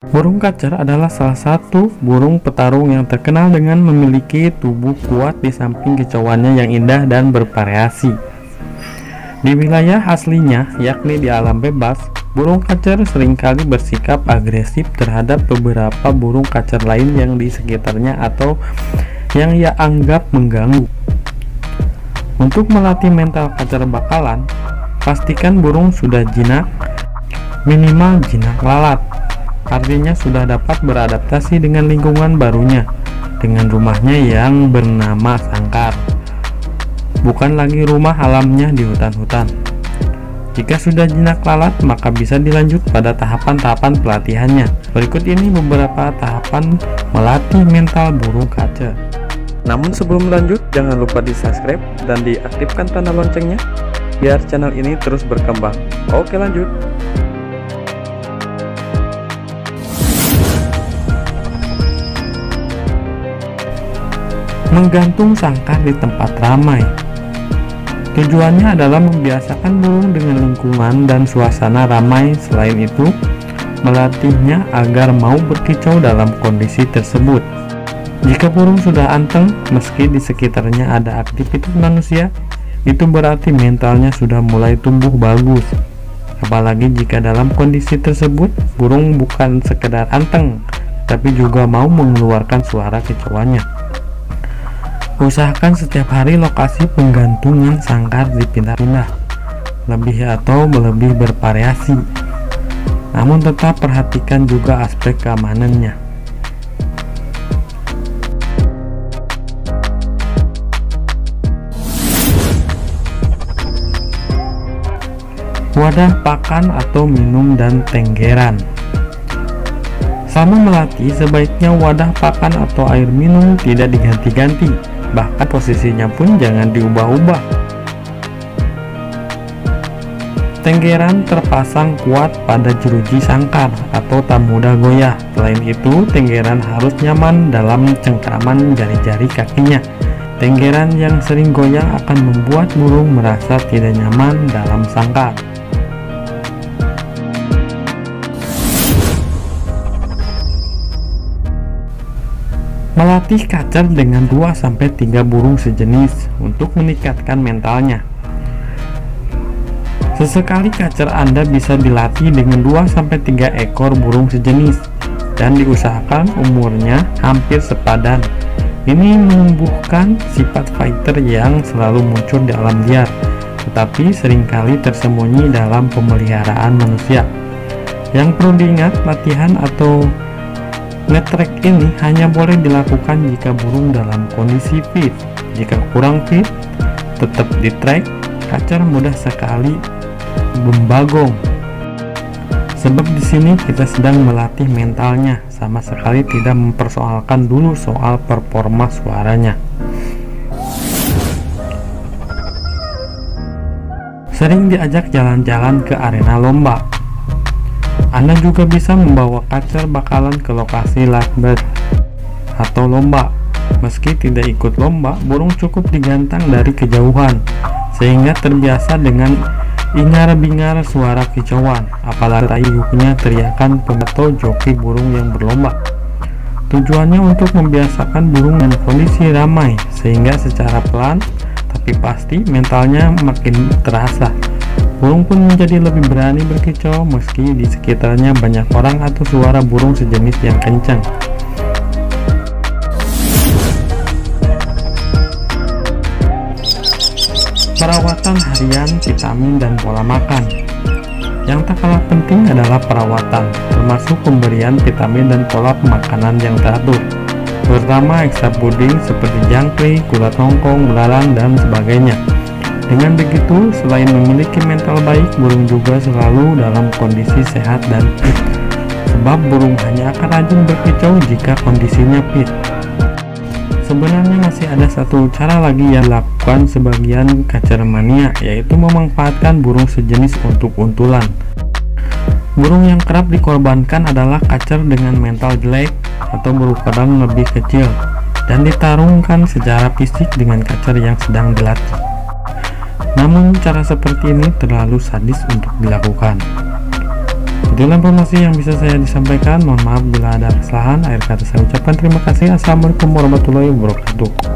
Burung kacer adalah salah satu burung petarung yang terkenal dengan memiliki tubuh kuat di samping kicauannya yang indah dan bervariasi. Di wilayah aslinya, yakni di alam bebas, burung kacer seringkali bersikap agresif terhadap beberapa burung kacer lain yang di sekitarnya atau yang ia anggap mengganggu. Untuk melatih mental kacer bakalan, pastikan burung sudah jinak, minimal jinak lalat artinya sudah dapat beradaptasi dengan lingkungan barunya dengan rumahnya yang bernama sangkar bukan lagi rumah alamnya di hutan-hutan jika sudah jinak lalat maka bisa dilanjut pada tahapan-tahapan pelatihannya berikut ini beberapa tahapan melatih mental burung kaca namun sebelum lanjut jangan lupa di subscribe dan diaktifkan tanda loncengnya biar channel ini terus berkembang oke lanjut menggantung sangkar di tempat ramai. Tujuannya adalah membiasakan burung dengan lingkungan dan suasana ramai. Selain itu, melatihnya agar mau berkicau dalam kondisi tersebut. Jika burung sudah anteng, meski di sekitarnya ada aktivitas manusia, itu berarti mentalnya sudah mulai tumbuh bagus. Apalagi jika dalam kondisi tersebut, burung bukan sekedar anteng, tapi juga mau mengeluarkan suara kicauannya. Usahakan setiap hari lokasi penggantungan sangkar dipindah-pindah, lebih atau lebih bervariasi. Namun tetap perhatikan juga aspek keamanannya. Wadah pakan atau minum dan tenggeran Sama melatih, sebaiknya wadah pakan atau air minum tidak diganti-ganti bahkan posisinya pun jangan diubah-ubah. Tenggeran terpasang kuat pada jeruji sangkar atau tak mudah goyah. Selain itu, tenggeran harus nyaman dalam cengkraman jari-jari kakinya. Tenggeran yang sering goyah akan membuat burung merasa tidak nyaman dalam sangkar. Melatih kacer dengan 2-3 burung sejenis untuk meningkatkan mentalnya. Sesekali kacer Anda bisa dilatih dengan 2-3 ekor burung sejenis dan diusahakan umurnya hampir sepadan. Ini menumbuhkan sifat fighter yang selalu muncul di alam liar, tetapi seringkali tersembunyi dalam pemeliharaan manusia. Yang perlu diingat, latihan atau Netrek ini hanya boleh dilakukan jika burung dalam kondisi fit. Jika kurang fit, tetap di track, kacar mudah sekali membagong. Sebab di sini kita sedang melatih mentalnya, sama sekali tidak mempersoalkan dulu soal performa suaranya. Sering diajak jalan-jalan ke arena lomba, anda juga bisa membawa kacer bakalan ke lokasi lakbet atau lomba. Meski tidak ikut lomba, burung cukup digantang dari kejauhan sehingga terbiasa dengan ingar-bingar suara kicauan, apalagi iuhnya teriakan pemeto joki burung yang berlomba. Tujuannya untuk membiasakan burung dengan kondisi ramai, sehingga secara pelan tapi pasti mentalnya makin terasa Burung pun menjadi lebih berani berkicau meski di sekitarnya banyak orang atau suara burung sejenis yang kencang. Perawatan harian, vitamin, dan pola makan Yang tak kalah penting adalah perawatan, termasuk pemberian vitamin dan pola pemakanan yang teratur terutama ekstra puding seperti jangkrik, gula tongkong, belalang, dan sebagainya. Dengan begitu, selain memiliki mental baik, burung juga selalu dalam kondisi sehat dan fit. Sebab burung hanya akan rajin berkicau jika kondisinya fit. Sebenarnya masih ada satu cara lagi yang dilakukan sebagian kacar mania, yaitu memanfaatkan burung sejenis untuk untulan. Burung yang kerap dikorbankan adalah kacer dengan mental jelek atau berukuran lebih kecil, dan ditarungkan secara fisik dengan kacer yang sedang dilatih. Namun cara seperti ini terlalu sadis untuk dilakukan. Dalam informasi yang bisa saya disampaikan. Mohon maaf bila ada kesalahan. Akhir kata saya ucapkan terima kasih. Assalamualaikum warahmatullahi wabarakatuh.